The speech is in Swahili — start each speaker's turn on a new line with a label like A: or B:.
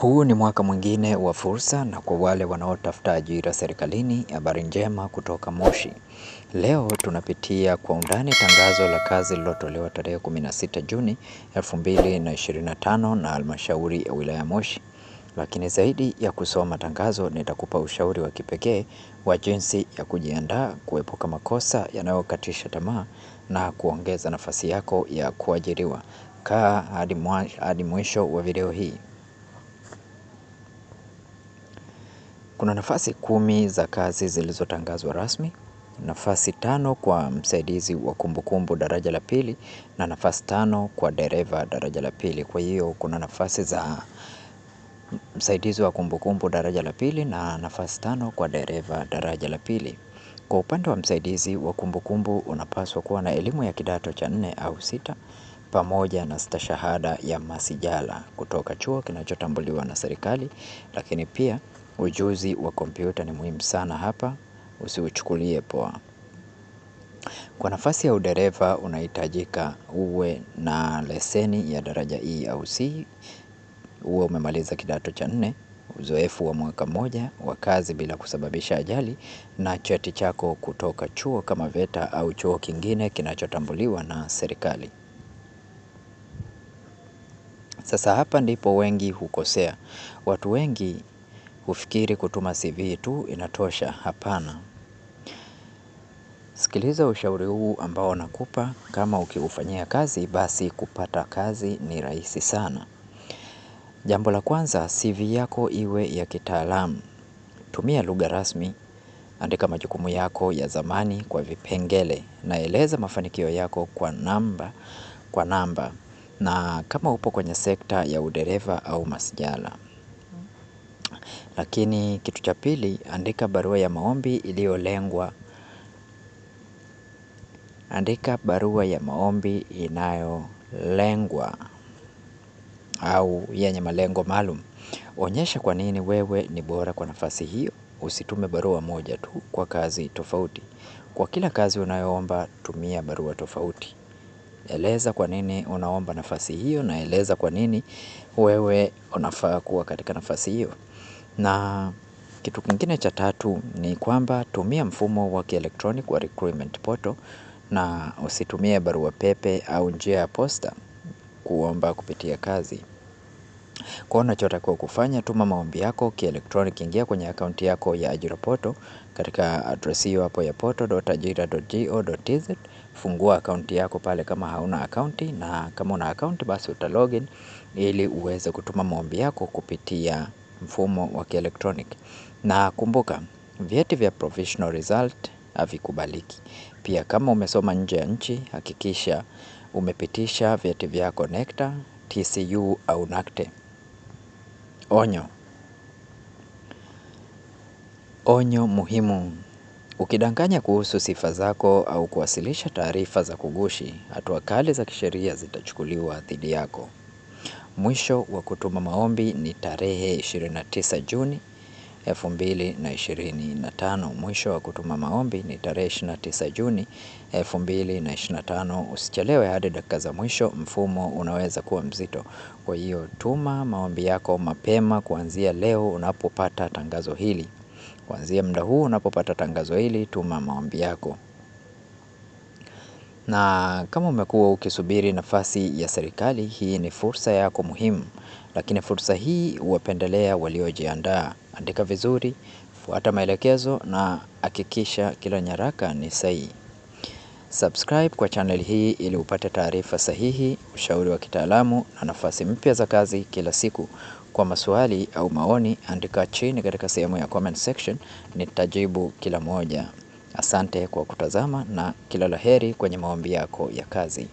A: Huu ni mwaka mwingine wa fursa, na kwa wale wanaotafuta ajira serikalini, habari njema kutoka Moshi. Leo tunapitia kwa undani tangazo la kazi lililotolewa tarehe 16 Juni 2025 na halmashauri ya wilaya Moshi, lakini zaidi ya kusoma tangazo, nitakupa ushauri wa kipekee wa jinsi ya kujiandaa, kuepuka makosa yanayokatisha tamaa na kuongeza nafasi yako ya kuajiriwa. Kaa hadi mwisho wa video hii. Kuna nafasi kumi za kazi zilizotangazwa rasmi, nafasi tano kwa msaidizi wa kumbukumbu daraja la pili na nafasi tano kwa dereva daraja la pili. Kwa hiyo kuna nafasi za msaidizi wa kumbukumbu daraja la pili na nafasi tano kwa dereva daraja la pili. Kwa upande wa msaidizi wa kumbukumbu unapaswa kuwa na elimu ya kidato cha nne au sita pamoja na stashahada ya masijala kutoka chuo kinachotambuliwa na serikali lakini pia Ujuzi wa kompyuta ni muhimu sana hapa, usiuchukulie poa. Kwa nafasi ya udereva unahitajika uwe na leseni ya daraja E au C, uwe umemaliza kidato cha nne, uzoefu wa mwaka mmoja wa kazi bila kusababisha ajali, na cheti chako kutoka chuo kama VETA au chuo kingine kinachotambuliwa na serikali. Sasa hapa ndipo wengi hukosea. Watu wengi Ufikiri kutuma CV tu inatosha? Hapana. Sikiliza ushauri huu ambao nakupa, kama ukiufanyia kazi basi kupata kazi ni rahisi sana. Jambo la kwanza, CV yako iwe ya kitaalamu. Tumia lugha rasmi, andika majukumu yako ya zamani kwa vipengele naeleza mafanikio yako kwa namba kwa namba na kama upo kwenye sekta ya udereva au masijala. Lakini kitu cha pili, andika barua ya maombi iliyolengwa. Andika barua ya maombi inayolengwa au yenye malengo maalum. Onyesha kwa nini wewe ni bora kwa nafasi hiyo. Usitume barua moja tu kwa kazi tofauti. Kwa kila kazi unayoomba, tumia barua tofauti. Eleza kwa nini unaomba nafasi hiyo na eleza kwa nini wewe unafaa kuwa katika nafasi hiyo. Na kitu kingine cha tatu ni kwamba tumia mfumo wa kielektronic wa recruitment portal na usitumie barua pepe au njia ya posta kuomba kupitia kazi. Kuwa unachotakiwa kufanya tuma maombi yako kielektronic ingia kwenye akaunti yako ya ajira portal katika address hiyo hapo ya portal.ajira.go.tz fungua akaunti yako pale kama hauna akaunti na kama una akaunti basi uta login ili uweze kutuma maombi yako kupitia mfumo wa kielektronik. Na kumbuka vyeti vya provisional result havikubaliki. Pia kama umesoma nje ya nchi hakikisha umepitisha vyeti vyako NECTA, TCU au NACTE. Onyo. Onyo muhimu. Ukidanganya kuhusu sifa zako au kuwasilisha taarifa za kugushi hatua kali za kisheria zitachukuliwa dhidi yako. Mwisho wa kutuma maombi ni tarehe 29 Juni 2025. Mwisho wa kutuma maombi ni tarehe 29 Juni 2025. Usichelewe hadi dakika za mwisho, mfumo unaweza kuwa mzito. Kwa hiyo tuma maombi yako mapema kuanzia leo unapopata tangazo hili. Kuanzia muda huu unapopata tangazo hili, tuma maombi yako. Na kama umekuwa ukisubiri nafasi ya serikali, hii ni fursa yako muhimu, lakini fursa hii huwapendelea waliojiandaa. Andika vizuri, fuata maelekezo na hakikisha kila nyaraka ni sahihi. Subscribe kwa channel hii ili upate taarifa sahihi, ushauri wa kitaalamu na nafasi mpya za kazi kila siku. Kwa maswali au maoni, andika chini katika sehemu ya comment section, nitajibu kila moja. Asante kwa kutazama na kila laheri kwenye maombi yako ya kazi.